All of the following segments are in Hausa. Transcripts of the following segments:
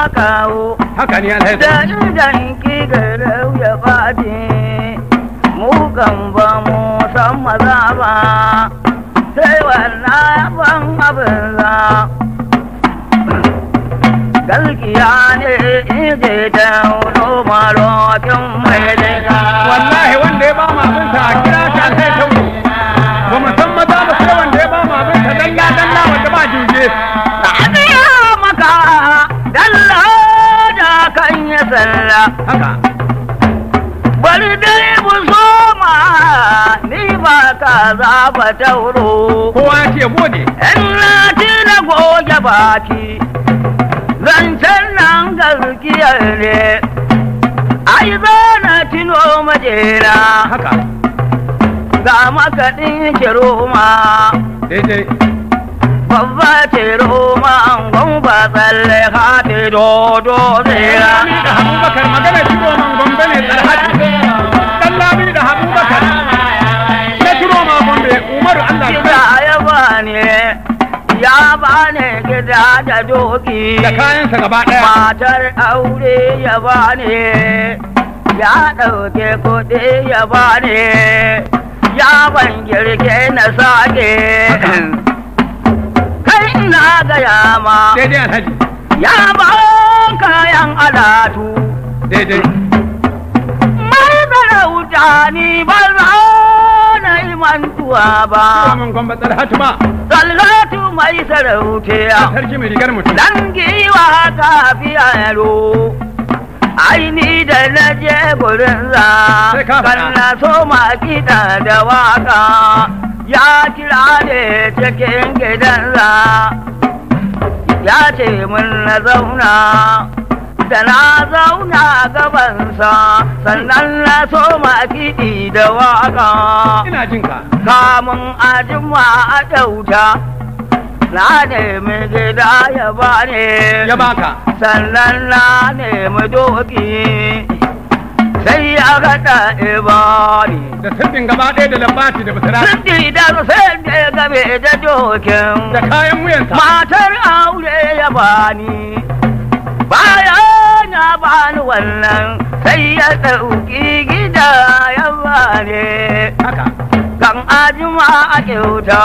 makawo haka ne alhaji da inda ki garau ya fadi mu gamba mu san maza ba sai wannan ban abin galkiya ne inje da ro wuro kin mai da wallahi wanda ya ba mu abin sa kira ta sai ta mu ba mu san maza ba sai wanda ya ba mu abin sa dalla dalla wanda ba juje sallah bari dare mu zoma ni ba ka za ba tauro kowa ya ce gode in na ci na goge baki zancen nan gaskiyar ne ai za na tilo majera haka ga makaɗin kiroma daidai babba ce roma an gwamba tsalle hati dodo Da Abubakar magana ne da Abubakar. Na Allah ya Ya ya bani gida da doki da kayansa gaba ɗaya matar aure ya bani ya ɗauke kuɗi ya bani ya ban girke na sake na gaya ma daidai alhaji ya ba kayan alatu daidai mai ni ba na yi tuwa ba mun tsarhatu ba tsarhatu mai sarautiya sarki mai rigar mutum dan giwa yaro aini da na je gurin za kan na so ma kiɗa da waka ya kira ne cikin gidansa ya ce mun na zauna da na zauna gabansa sannan na so ma kiɗi da waka kamun a kamun a dauta na nemi gida ya bani ne sannan na nemi doki sai ya gada ibari da sirdin gaba ɗaya da lambati da basira sirdi da rusayin da game da dokin da kayan wuyansa matar aure ya bani baya na bani wannan sai ya ɗauki gida ya bani kan ajima a kyauta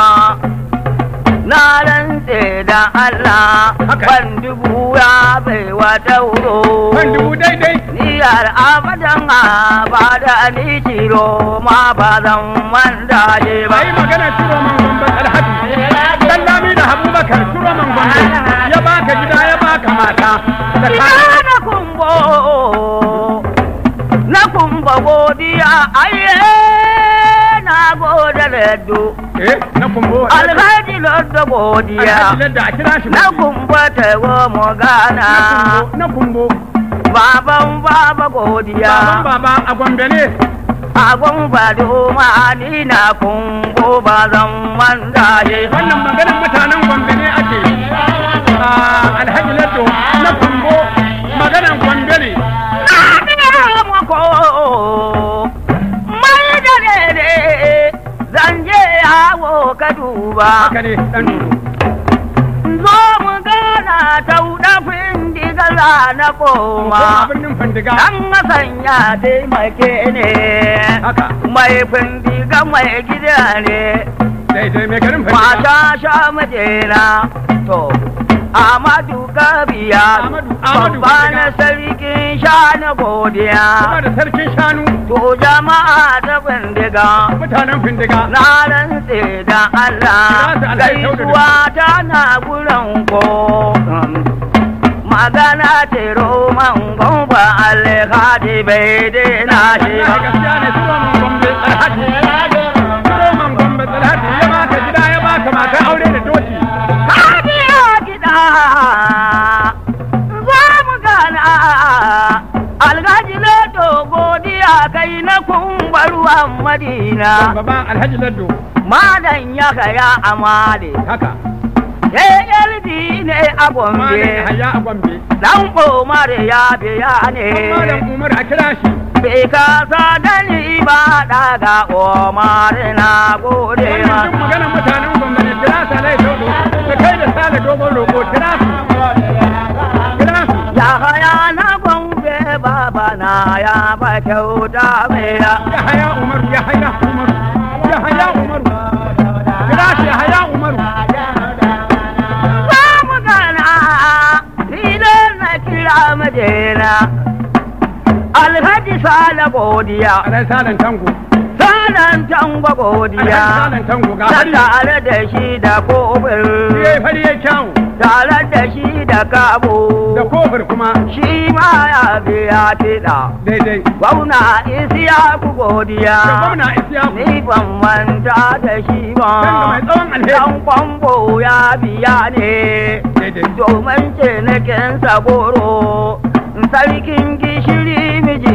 na rantse da Allah ban dubu ya bai wata wuro ban dubu daidai niyar abadan a ba da ni ciro ma ba zan manta je ba ai magana ciro man gombe alhaji Sallami da habu bakar ciro man gombe ya baka gida ya baka mata na kumbo na kumbo godiya aye na gode eh, lado. na kumbo. Alhaji lado godiya. Na gana. Na Baban baba ko diya, a gwambele. A ni na kumbo ba zan wanda ye. Wannan maganin mutanen ake. Ah, Alhaji na kumbo maganan ka duba. Zo mu gana ta wuɗa findiga na koma. Dan Hassan taimake ne. Mai findiga mai gida ne. Mata sha majera. To. Amadu Gabiya babba na sarkin shanu godiya. da sarkin shanu. To jama'a ta bindiga. Mutanen bindiga. Na tse da Allah. Gaisuwa tana guran ko. magana ce roman gomba alhaji bai na shi ba. Roman gombe tsalhati ya baka gida ya baka maka aure da doki. za mu gana alhaji lado godiya kai na kumbarwan madina baban alhaji lado madan ya kaya amale haka ALD ne a Gombe. a Dan Umar ya biya ne. Malam Umar a kira shi. Bai kasa dani ba daga Umar na gode ma. Wannan maganar mutanen Gombe ne kira sa da na gombe babana ya ba kyauta mai ya haya umar ya haya na kira alhaji sale godiya alhaji tango Sanan tango godiya, tare da shi da kofin, tare da shi da kabo, da kofar kuma, shi ma ya biya fiɗa. Gwamna isi ya ku godiya, ni ban manta da shi ba, dan kwambo ya biya ne, domin cinikin goro sarkin gishiri miji.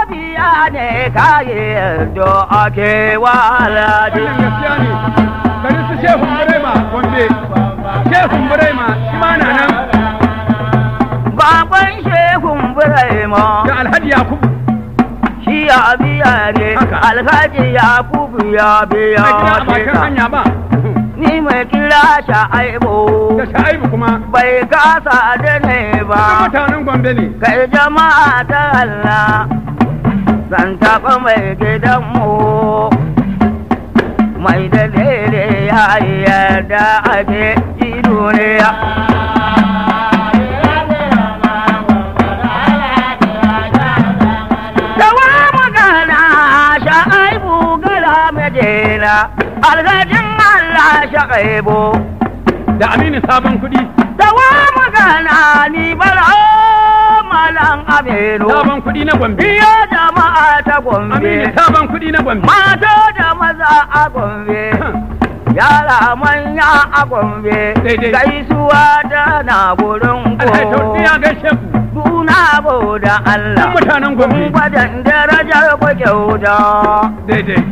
ya ne ka yi do ake wahala ji. gaskiya ne bari su shehu burema gombe shehu burema shi ma na nan. baban shehu burema. da alhaji yakubu. shi ya biya ne alhaji yakubu ya biya. a bakin hanya ba. ni mai kira sha'aibu da sha'aibu kuma bai kasa da ne ba mutanen gombe ne kai jama'a ta Allah zan taɓa mai gidanmu mai da daidai ya yarda ake ji duniya algajin Allah shi Da aminu sabon kuɗi. Da wa magana ni bala malam Aminu. Sabon kuɗi na Gombe. Iya jama'a ta Gombe. Aminu sabon kuɗi na Gombe. Mata da maza a Gombe. Yara manya a Gombe. Gaisuwa ta na gurin ko. Ya gaishe Duna da Allah. Mutanen Gombe. Kun gwajen darajar ku kyauta. Daidai.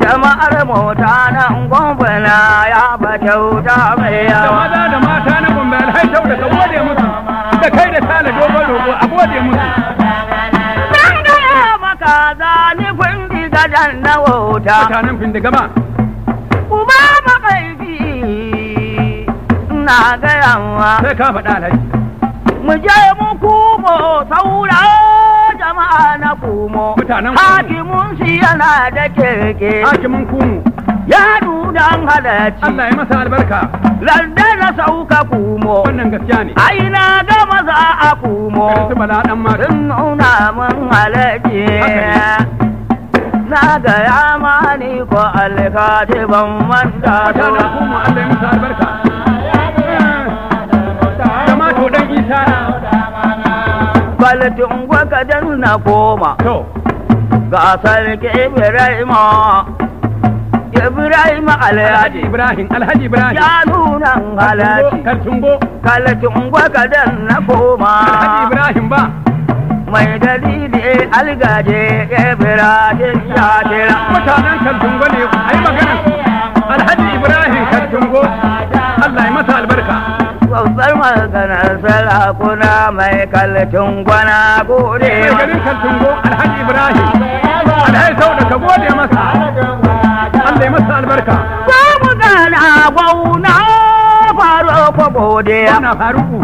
jama'ar mota nan gwamfana ya ba kyauta mai yawa. Da maza da mata na gombe, alhaitau da kawo da mutu. da kai da sale dogon rogo a gode musu. Zan gaya maka zani kundi gajan na wauta. Mutanen gama. Uba makaifi na gaya ma. Sai ka faɗa alhaji. Mu je mu kumo saura jama'a na kumo. Mutanen kumo. Hakimun shi yana da keke. Hakimun kumo. Ya dudan halarci. Allah ya masa albarka. Zalda na sauka kumo. Wannan gaskiya ne. Ai na ga maza a kumo. Karsu bala dan mata. Sun nuna mun halaje. Na ga ya mani ko alkaji ban manta. Wata na kuma Allah ya albarka. dan isa. na koma. Ga sarki Ibrahim. Ibrahim Alhaji Ibrahim Alhaji Ibrahim ya nuna Alhaji Kaltungo Kaltungo kadan na koma Alhaji Ibrahim ba mai dalili algaje Ibrahim ya jira mutanen Kaltungo ne ai magana Alhaji Ibrahim Kaltungo Allah ya masa albarka babbar sala kuna mai kalcin gwana gode mai garin kalcin go alhaji ibrahim alhaji sau ka gode masa Allah ya masa albarka. Ko mu gana gwauna faruku godiya. Ana faruku.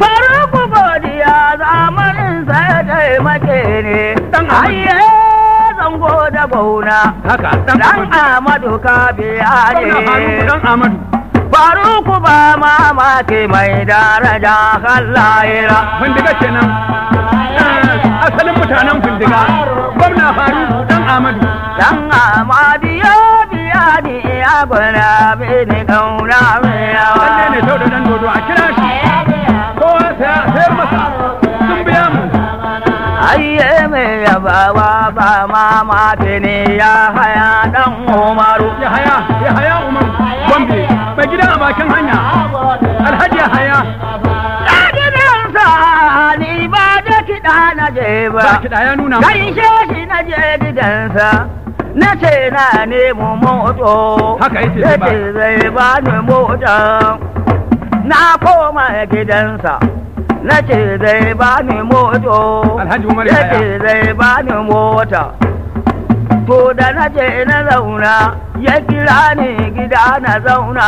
Faruku godiya zamanin sai ya taimake ne. Dan Ayye zango da gwauna. Haka dan Amadu ka biya ne. Dan Amadu. Faruku ba mamaki mai daraja halayira. Bindiga kenan. Eh, asalin mutanen bindiga. Gwamna Faruku dan Amadu. Dan amadi ya biya ni ya gwada ni kauna mai yawa. Wanne ne sau da dan dodo a kira shi. Kowa sai masa sun biya mu. Ayye mai yabawa ba ma mate ne ya haya dan Umaru. Ya haya, ya haya Umaru. Gombe, mai gida a bakin hanya. Alhaji ya haya. Ni ba da kiɗa na je ya nuna. Kai shi na je gidansa. na ce na nemo moto ya ce zai ba ni mota na koma gidansa na ce zai ba ni moto ya ce zai ba ni mota to da na ce na zauna ya kira ni gida na zauna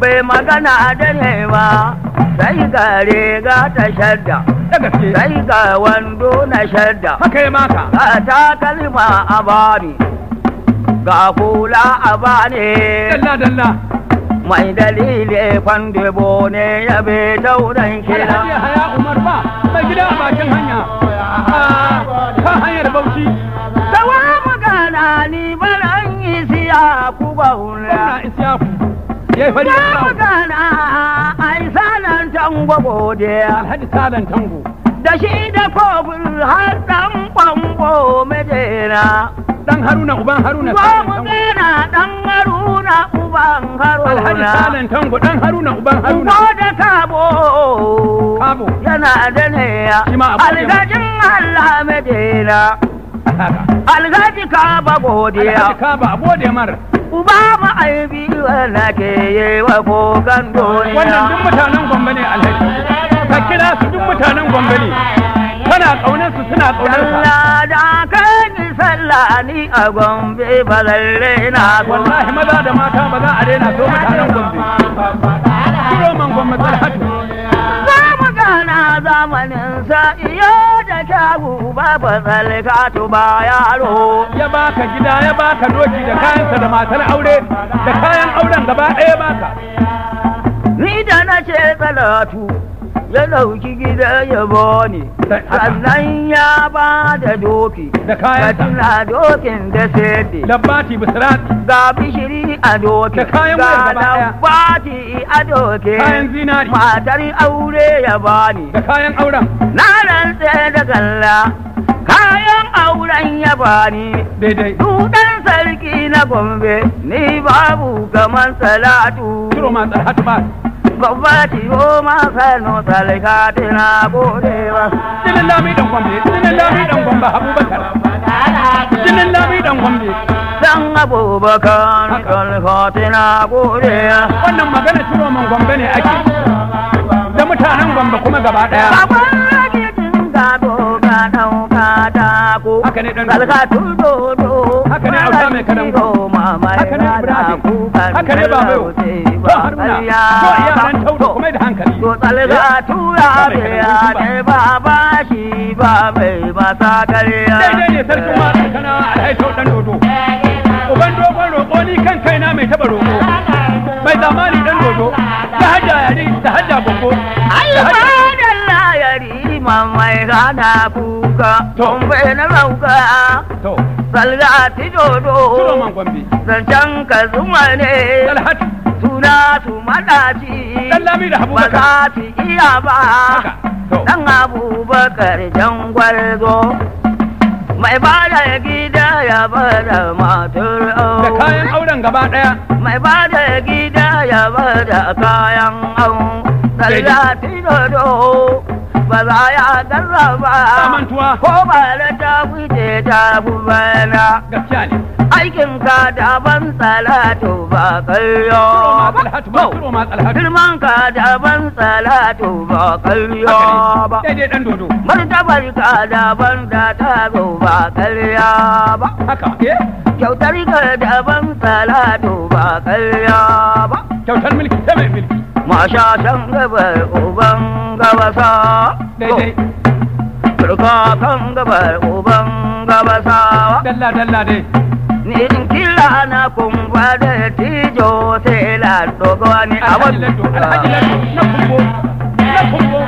bai magana da ne ba sai gare ga ta shadda da gaske sai ga wando na shadda haka yi maka ga ta kalma a bani ga kula a bani dalla dalla mai dalili kwandebo ne ya be tauran kira haya umar ba mai gida a bakin hanya ta ah, hanyar bauchi dawa magana ni baran isiya ku hula isiya ya fari ya magana ai tango gode alhaji tango da shi da kofin har dan kwango mejera dan haruna uban haruna tango dan haruna uban haruna alhaji tango dan haruna uban haruna ko da kabo kabo yana da ne alhajin Allah mejera alhaji kaba godiya alhaji kaba gode mar uba ma biyu wanda ke yi wa kokan duniya wannan duk mutanen gombe ne alhaji ka kira su duk mutanen gombe ne kana ƙaunar su suna ƙaunar ka Allah da kan sallah ni a gombe ba lalle na wallahi maza da mata ba za a daina so mutanen gombe kiro man gombe talhatu za mu gana zamanin sa shagu baban to ba yaro. Ya baka gida ya baka doki da kayansa da matar aure da kayan auren gaba ɗaya baka. Ni da na ce tsalatu ya ɗauki gida ya bani sannan ya ba da doki da kayan na dokin da sede bati bisirati ga bishiri a doki da kayan ga bati a doki kayan zinari matar aure ya bani da kayan auren na rantse da galla kayan auren ya bani daidai dudan sarki na gombe ni babu kamar salatu Turo ma tsarhatu ba gwamnati o ma sanu talaka tana godewa. Sini lami dan gwambe, Sini lami dan gwamba Abubakar. Jinin lami dan gwambe. Dan Abubakar talaka tana godewa. Wannan magana ciro man gwambe ne ake. Da mutanen gwambe kuma gaba daya. Babban rage jin gado ka dauka ta ko. Haka ne dan. Talaka tudo haka ne auta mai kanan haka ne ibrahim haka ne babai haruna kuma da hankali to tsalga tura ya ne baba shi ba mai ba ne sarkin ma kana dan dodo uban dogon roƙo ni kan kaina mai taba roƙo mai zamani dan dodo ta hajja ta hajja Allah mamai gana kuka tombe na mauka salga ti dodo zancen ka zuma ne suna su madaci ba za su iya ba dan abubakar jan gwarzo mai bada gida ya bada matar da kayan auren gaba daya mai bada gida ya bada kayan auren salga ti dodo ba za ya garraba ko bare ta fice ta fi bana aikin ka daban salatu ba kayo girman ka daban salatu ba kayo ba martabar ka daban da ta zo ba karya ba kyautar ka daban salatu ba karya ba kyautar mulki ta mai mulki masha can gabar uban gabasa turka kan gabar uban gabasa dalla dalla dai ni in kila na kumba da tijo sai la dogo ni awan na kumbo na kumbo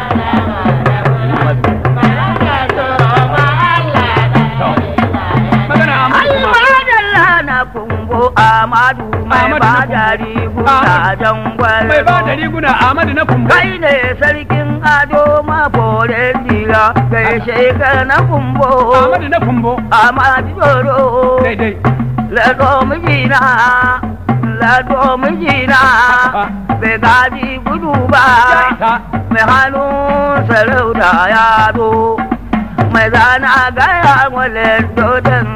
magana amma Allah na kumbo ango amadu ah. mai ba da riguna jan mai ba da riguna amadu na kumbo kai ne sarkin ado ma bore dira kai shekar na kumbo amadu na kumbo amadu doro daidai lado mijina lado mijina ah. bai gaji gudu ba mai hannun sarauta ya zo mai zana gaya wa lardodin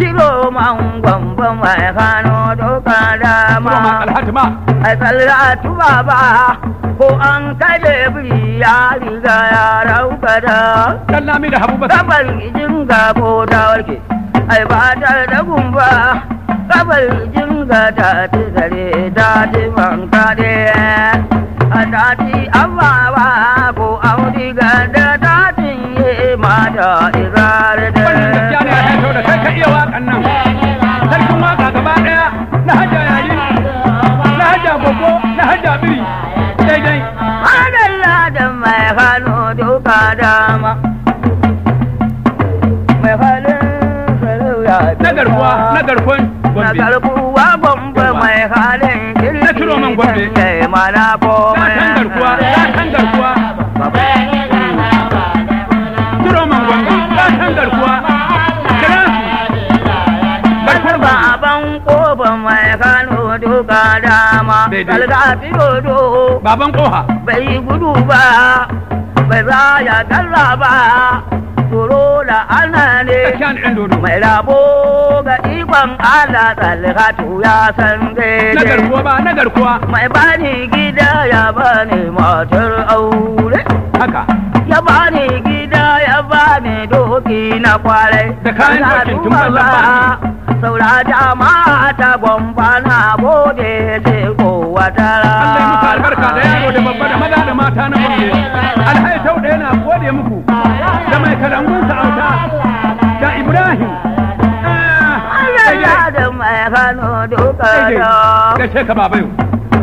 Jiro man gwamba mai hano doka dama. Ai sallatu baba ko an kaje biri ya riga ya rauka da. Sallami da habu Kabar ijin gabo da warke. Ai ba ta da gumba. Kabar jinga ga ti gare ta ti man kare. A ta ti ababa ko audiga da ta ma mata irar da. iya waƙan nan sarkin waƙa gaba ɗaya na hajja yayi na hajja gogo na biri daidai mai falo duka dama mai na garkuwa na garkuwan gombe na garkuwa gombe mai halin na man gombe daidai algafi dodo baban koha bai yi gudu ba bai za ya dalla ba tsoro da ana ne mai rabo ga ikon ala tsalhatu ya san daidai na garkuwa ba na garkuwa mai bani gida ya bani matar aure haka ya bani gida ya bani doki na kwarai da kayan dokin tun ba saura jama'a ta gwamba na boge ce ko wata Allah ya muku albarka da yaro da babba da maza da mata na gombe alhaji tauda yana gode muku da mai kalangun sa'auta da Ibrahim ah, Allah da mai hannu duka da gashe ka babayo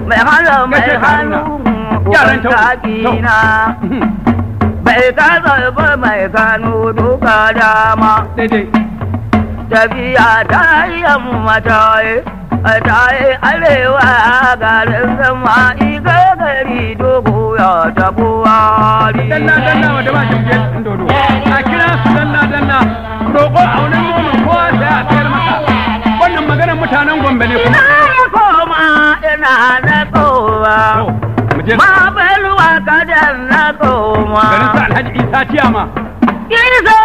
mai kano mai hannu yaran tauda mhm. bai kasa ba mai kanu duka dama daidai tafiya ta yi yamma ta yi arewa garin zama iga gari dogo ya tabo wari. Dalla dalla wa dama jirgin dodo. A kira su dalla danna roƙo a wani ko a sai a tsayar masa. Wannan maganar mutanen Gombe ne kuma. Ina ya koma ina na kowa. Ma bai ruwa kadan na koma. Garin sa Alhaji Isa Tiyama. Isa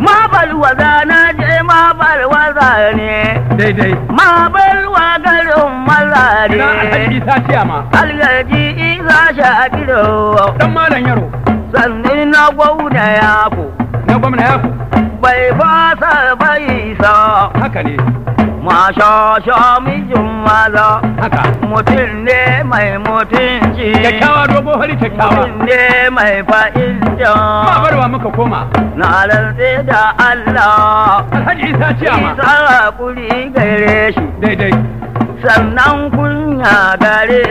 ma balwaza na je ma balwaza ne daidai ma balwa garin maza alhaji isa sha alhaji isa dan malam yaro na gwamna yako na gwamna yako bai fasa bai sa haka ne Masha sha mijin maza. Mutum ne mai mutunci. Kyakkyawa dogo hari kyakkyawa. Mutum ne mai fa'ida. Ba barwa muka koma. Na da Allah. Alhaji Isa Isa hakuri gare Sannan kunya gare.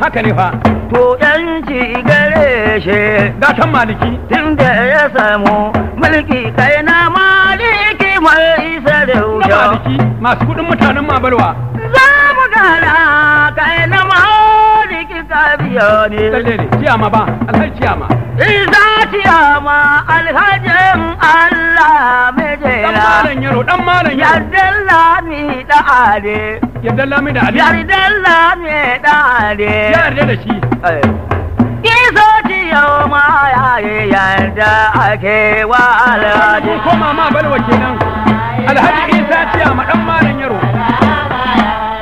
Haka ne fa. To yanci gare shi. Gatan ya samu mulki kai mali. kuma isa da wuya. Masu kuɗin mutanen mabalwa. Za mu gana ka yi na mauliki ka biya ne. Lalle ciyama ba, alhaji ciyama. Isa ciyama alhajin Allah mai jera. Dan malam yaro, dan malam yaro. Yardan lami da ale. Yardan lami da ale. Yardan lami da ade. Yarda da shi. Eh. Kizoji yau ma yayi yanda ake wa alhaji. Koma ma balwa kenan. Alhaji Isa ciya ma ɗan malam yaro.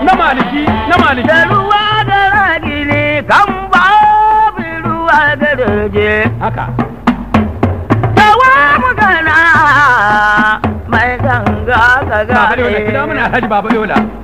Na maliki, na maliki. Da ruwa da ragi ne kan babu ruwa da rage. Haka. mu gana mai ganga ka gane. kida alhaji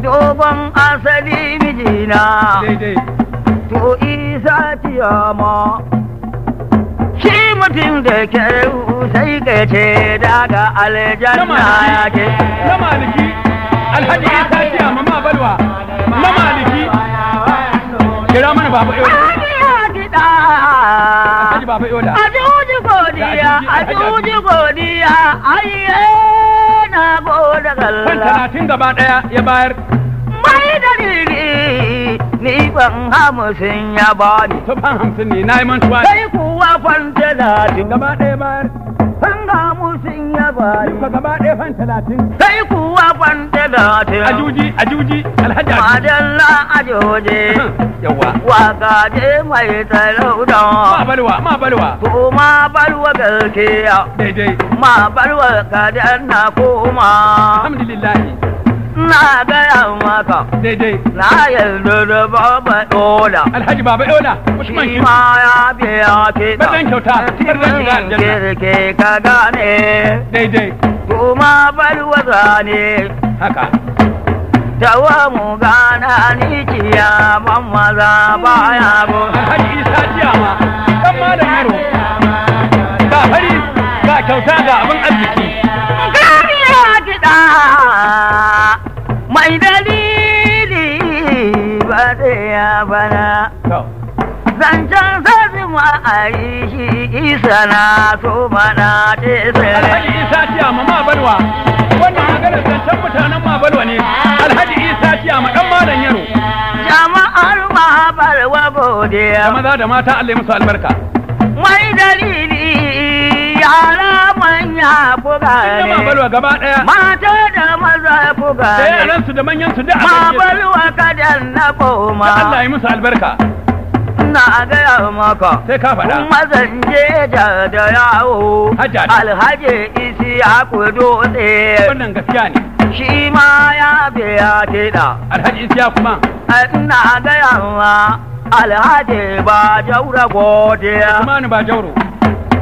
doban asali mijina to isa tiyama shi mutum da kyau sai ka ce daga aljanna ya ke na maliki alhaji isa Ajuji godiya, ajuji godiya, ayye na da galla. Kan talatin gaba ɗaya ya bayar. Mai dalili ni ban hamsin ya bani. To ban hamsin ne na yi mantuwa. Sai kuwa fan talatin gaba ɗaya bayar. Sun ga musun ya bari. Duka gaba ɗaya fan talatin. Sai kuwa fan talatin. Ajuji, ajuji, alhaji. Madalla ajoje. Yawa. Waka je mai talauda. Ma balwa, ma balwa. Ko ma balwa garkiya. Daidai. Ma balwa kadan na koma. Alhamdulillah. Ina gaya maka. Daidai. Na yarda da baba Ola. Alhaji ya biya ka gane. Daidai. Kuma ne. Tawa mu gana ni Alhaji Isa malam yaro. Ga ga kyauta ga abin arziki. ya bana zancen zazi mu a yi shi isa na to bana te sere alhaji isa ciya ma ma balwa wannan maganar zancen mutanen ma balwa ne alhaji isa ciya ma dan malam yaro jama'ar ma balwa godiya maza da mata Allah ya musu albarka wai dalili yara manya buga ne mata da maza buga ne ransu da manyan su da ma balwa kadan na koma Allah yi musu albarka ina gaya maka sai ka faɗa mazan je da da yawo alhaji isi ya kudo tse wannan gaskiya ne shi ma ya biya tida alhaji isi ya kuma ina gaya ma alhaji ba jaura godiya usmanu ba jauro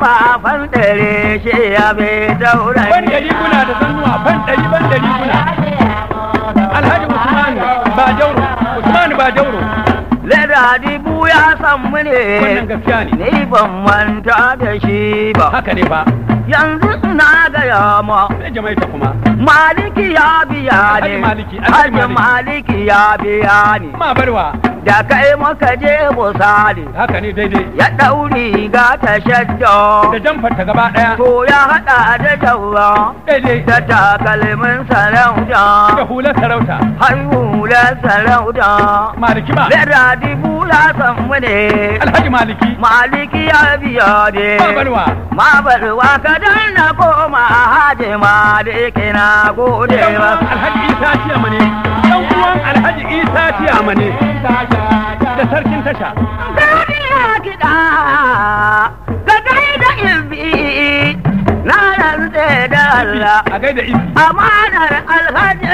ba fan dare shi ya bai daura ban dari kuna da sannuwa ban dari ban dari kuna alhaji usman ba jauro usman ba jauro leda dibu ya san mu ne ni ban manta da shi ba haka ne ba yanzu na gaya ma maliki ya biya ne maliki ya biya ne ma barwa da kai maka je musali haka ne daidai ya dauri ga ta shadda da jamfar ta gaba daya. to ya haɗa da taura daidai da takalmin sarauta da hula sarauta har hula sarauta maliki ba da radi bula san ne alhaji maliki maliki ya biya de mabarwa mabarwa ka danna koma haje maliki na gode ba alhaji ta ce mu dan uwan alhaji isa tiyama ne da sarkin tasha duniya gida ga gaida ibi na rantse da Allah a gaida ibi amanar alhaji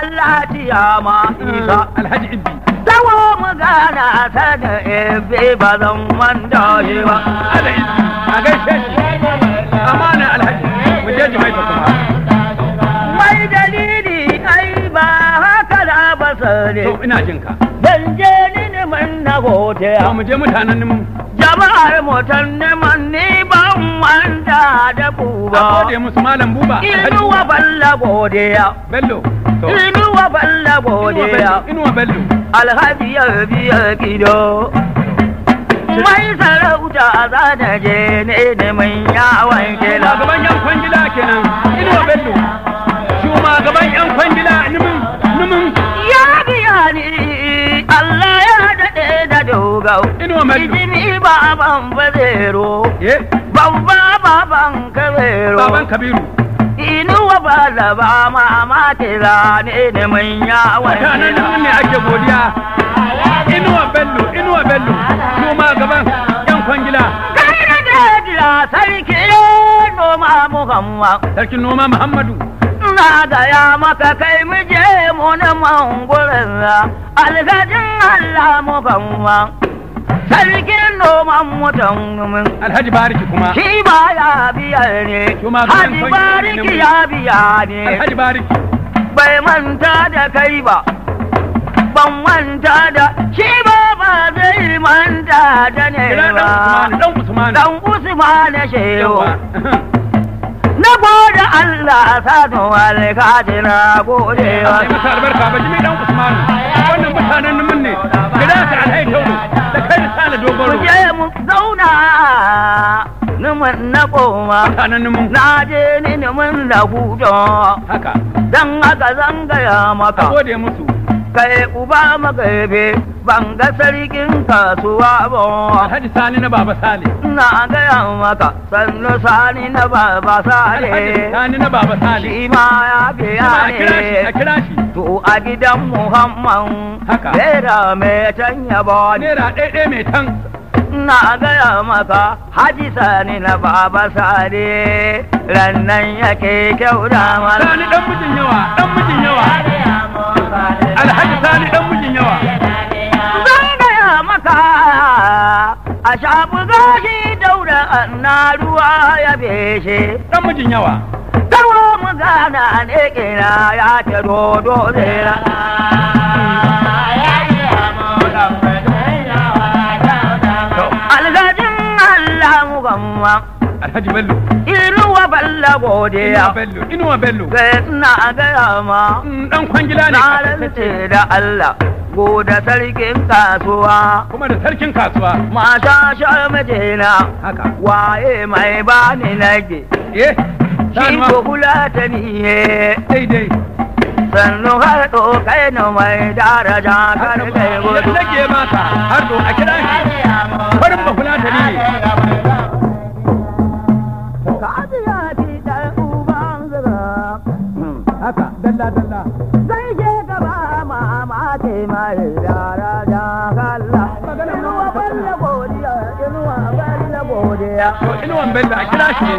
Allah tiyama isa alhaji ibi ta da ibi ba zan manta ba a gaishe shi amana alhaji mu je jimaita kuma kare to ina jin ka ban je ni man na gote to mu je mutanen mu jama'ar motan ne ni ban wanda da buba a gode musu malam buba inuwa balla ya. bello inuwa balla Inu inuwa bello alhaji ya biya kido. mai sarauta za ta je ne mai yawon gila gaban yan kwangila kenan inuwa bello shugaban yan kwangila nimin gau jijimi baban bazero babba baban kabero baban kabiru inuwa ba da ba mama tira ne ne wa wani nan ne ake godiya inuwa bello inuwa bello ko ma gaban yan kwangila kai da dila sarki ma muhammad sarki ma muhammadu na ya maka kai muje mu na mangurin alhajin allah muhammad sarkin noman mutan min alhaji bariki kuma shi ba ya biya ne alhaji bariki ya biya ne alhaji bariki bai manta da kai ba ban manta da shi ba ba zai manta da ne ba dan usman shehu na gode Allah sa zuwar kaji na gode wa. Albarka ba jimi dan Usmanu wannan mutanen mun ne gida ta alhaji tauro. ala dogon ruwa. mu zauna numan na koma. Na je ni numan na gujo. Haka. Dan haka zan gaya maka. gode musu. kai uba magaibe ban ga sarkin kasuwa ba. Hadi Sani na Baba Sale. n'a gaya maka sannu Sani na Baba Sale. Sani na Baba Sale. Shi ma ya biya ne. A kira shi, To a gidan Muhammad. Haka. Naira mai can ya ba. Naira ɗaiɗai mai can. n'a gaya maka Haji Sani na Baba Sale. Rannan yake kyau da mala. Sani ɗan mijin yawa, ɗan mijin yawa. alhaji sani dan mijin yawa zan gaya maka a shafi gashi daura na ruwa ya beshe dan mijin yawa tarwa mu gana ne kira ya ce dodo zera alhajin Allah mu gamma Alhaji Bello. Inuwa Bello godiya. Inuwa Bello. Inuwa Bello. Sai ina gaya ma. Mm, dan kwangila ne. Na rantse da Allah. Goda sarkin kasuwa. Kuma da sarkin kasuwa. Mata sha mijina. Haka. Waye mai bani nage. Eh. Shi ko kula ta ni eh. Daidai. sannu har to kai na mai daraja kar kai gudu. Nake maka har to a kira shi. to inuwan bello a kira shi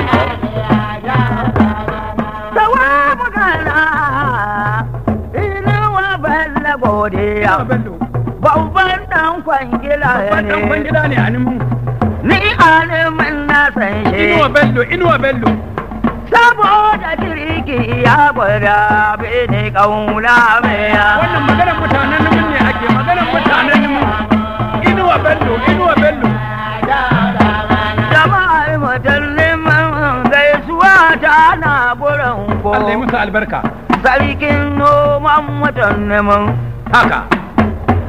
sawabu gana inuwa bello godiya babban dan kwangila ne ne ni mun na san shi inuwa bello inuwa do. saboda jirgi ya gwada ne kaula mai wannan maganar mutanen nan ne ake maganar mutanen nan Allah ya maka albarka sarkin noman neman haka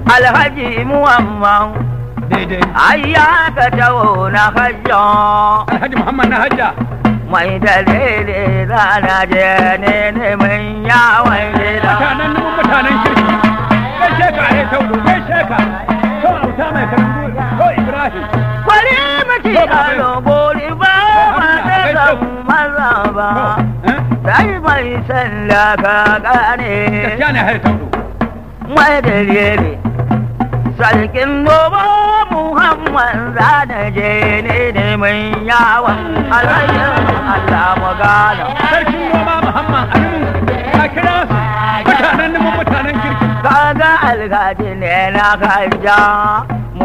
alhaji muhammad daidai ayya ka tawo na hajja alhaji muhammad na hajja mai da daidai za na je ne neman yawon gida mutanen neman mutanen kirki kai sheka ya eh, tauro kai sheka sau auta mai karambu sau ibrahim kwari ba ma ta zama mai sanda ka gane mai sarkin noma muhammad za da je ne da mai yawa alayyar allah gana. sarkin noma muhammad alimu ka kira mutanen nemo mutanen kirki kaga alhaji ne na kanja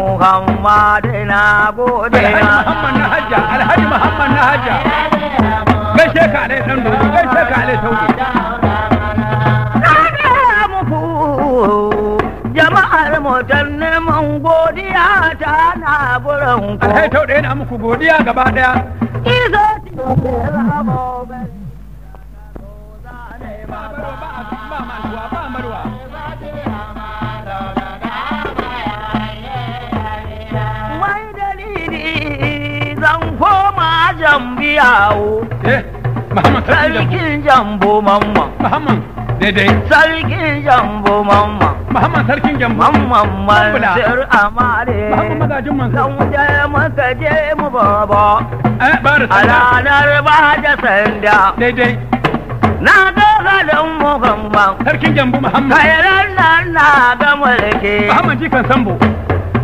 muhammad na gode alhaji muhammad na hajja alhaji muhammad na hajja gaishe ka alai dan dogo gaishe ka alai sauki muku jama'ar mu dan neman godiya ta na gurin ku alai tau da yana muku godiya gaba daya izo ba marwa ba marwa yawo eh, sarkin jambo mamma muhammad daidai sarkin jambo mamma muhammad sarkin jambo mamman mansur amare muhammad magajin mansur zan je maka je mu baba eh, a ranar ba da sanda daidai na ga gadon mu gamban sarkin jambo muhammad Kayar nan na ga mulki ji kan sambo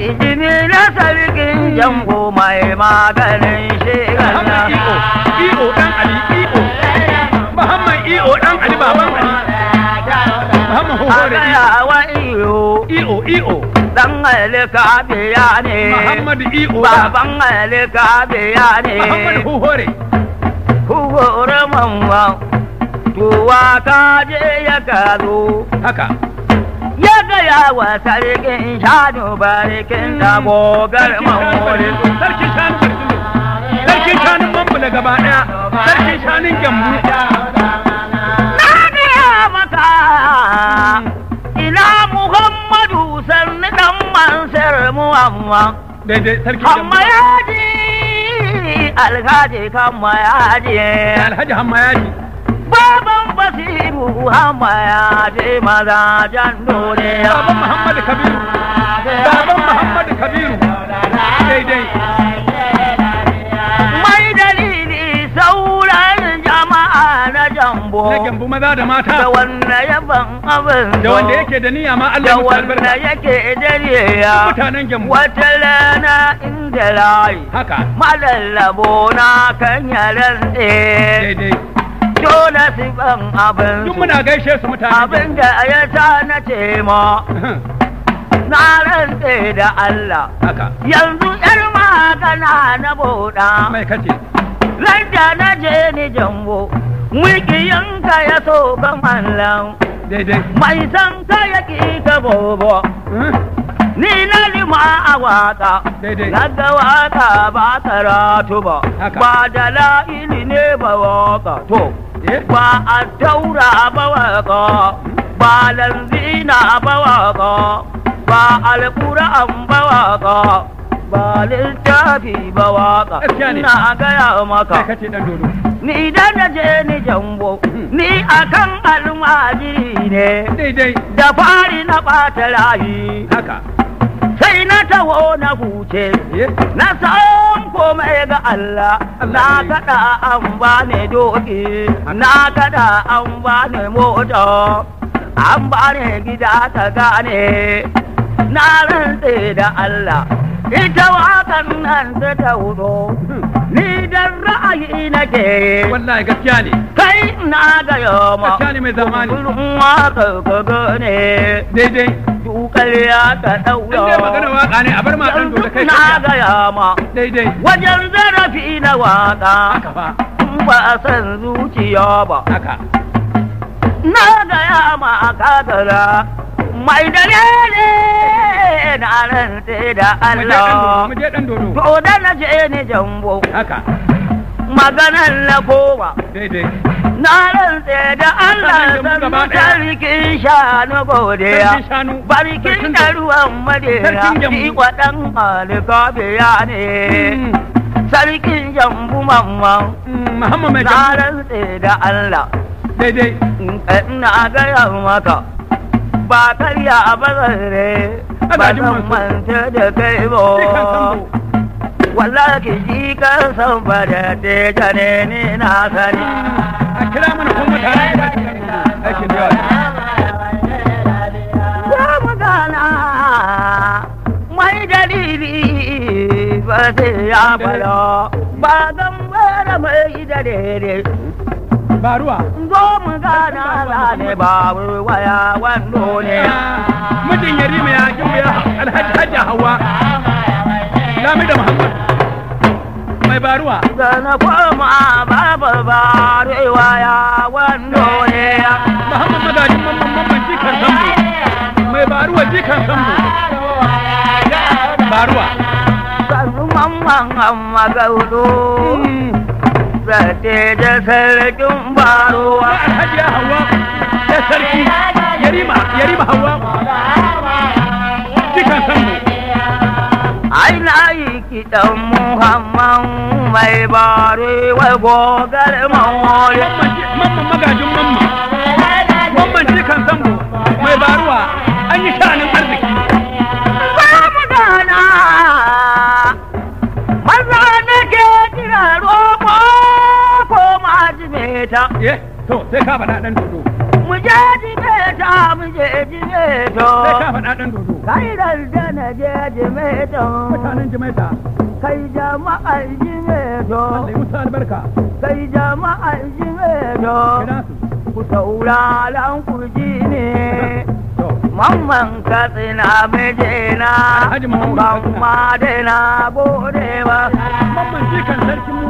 Idimi na sarkin jango mai maganin shekar na. Io ɗan Ali Io. Muhammad Io ɗan Ali baban Ali. Muhammad Hohore Io. Agayawa Io. Io Io. Dan Alika biya ne. Muhammad Io. Baban Alika biya ne. Muhammad Hohore. Hohore mamman. Tuwa ka je ya gado. Haka. ya sarkin shanu barikin da gogar shanu mambu na gaba shanun Na gaya maka ina Muhammadu sanni ɗan mansar Daidai alhaji kan mayaji. baban basiru hama ya je maza jan duniya baban muhammadu kabiru baban muhammadu kabiru daidai mai dalili sauran jama'a na jambo na jambo maza da mata da wanda yaban abin da wanda yake da niyya ma Allah ya albarka da wanda yake da niyya mutanen jambo wata lana inda layi haka malallabo na kan yaran daidai dole su ban abin su muna gaishe su mutane abin da ya sa na ce ma na rantse da Allah yanzu yar magana na boda mai kace landa na je ni jambo mulkiyanka ya so ga mallan daidai mai san ka yaki ka bobo ni na lima a waka na ga waka ba karatu ba ba da la'ili ne ba waka to ba a daura ba waƙa ba lanzina ba waƙa ba alƙura'an ba waƙa ba littafi ba waƙa ina gaya maka ni da na je ni jambo hmm. ni akan almajiri ne da fari na ɓata rayu ni na taho na huce eh? na san komai ga Allah na kada an bani doki na kada an bani mota an bani gida ta gane na rantse da Allah ita wakan nan su ta wudo ni dan ra'ayi nake wallahi gaskiya ne kai na ga yoma gaskiya ne mai zamani kullum waka ne daidai dukar ya ka daura inda magana waka ne a bar ma dan dole kai na ga yoma daidai wajen zarafi na waka haka ba ba san zuciya ba haka na ga yama a kadara mai dare ne na rantse da Allah to da na je ni jambo haka maganan na kowa daidai na rantse da Allah zan sarkin shanu godiya barkin da ruwan madera shi kwaɗan alikabiya ne sarkin jambu mm. mamman mm, na rantse da Allah daidai ina gaya maka ba karya a bazare ba zan manta da kai ba wallahi ji kan san fada da jane ni na sani a kira mana kuma tare da aikin da ya magana mai dalili ba sai ya bala ba zan bara mai dalili baruwa zo mu gana ne babur waya wando ne ya? yarima ya kin ya? alhaji hajja hawa lami da muhammad mai baruwa zana koma babu barewa ya wando ne muhammad magajin mamman jikan sambo mai baruwa jikan sambo baruwa sannu mamman amma gaudo mm. zaɓe da sarkin baruwa. Alhaji Hawa da sarki Yarima Yarima Hawa. Dukan san mu. Ai na yi kiɗan Muhammad mai bare wa gogar mawari. Mamman magajin mamman. Mamman dukan san mu mai baruwa an yi sha'anin ta. Ye, eh, to sai ka faɗa ɗan dodo. Mu je jime ta, mu je jime to. Sai ka faɗa ɗan dodo. Kai da na je jime to. Mutanen jime ta. Kai jama'ar jime to. Allah musu albarka. Kai jama'ar jime to. Ina su. Ku sauraron ku ji ne. Mamman katsina mijina, ban ma dena gode ba. Mamman shi kan sarkin mu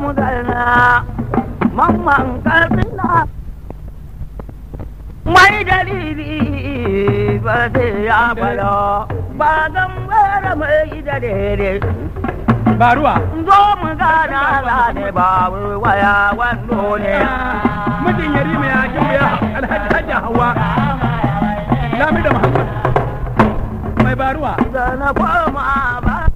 mu mamman mai dalili ba sai ya bala ba zan bara mai dalili baruwa zo mu gana la ne ba waya wando ne mijin yari mai yakin biya alhaji hawa lami muhammad mai baruwa ba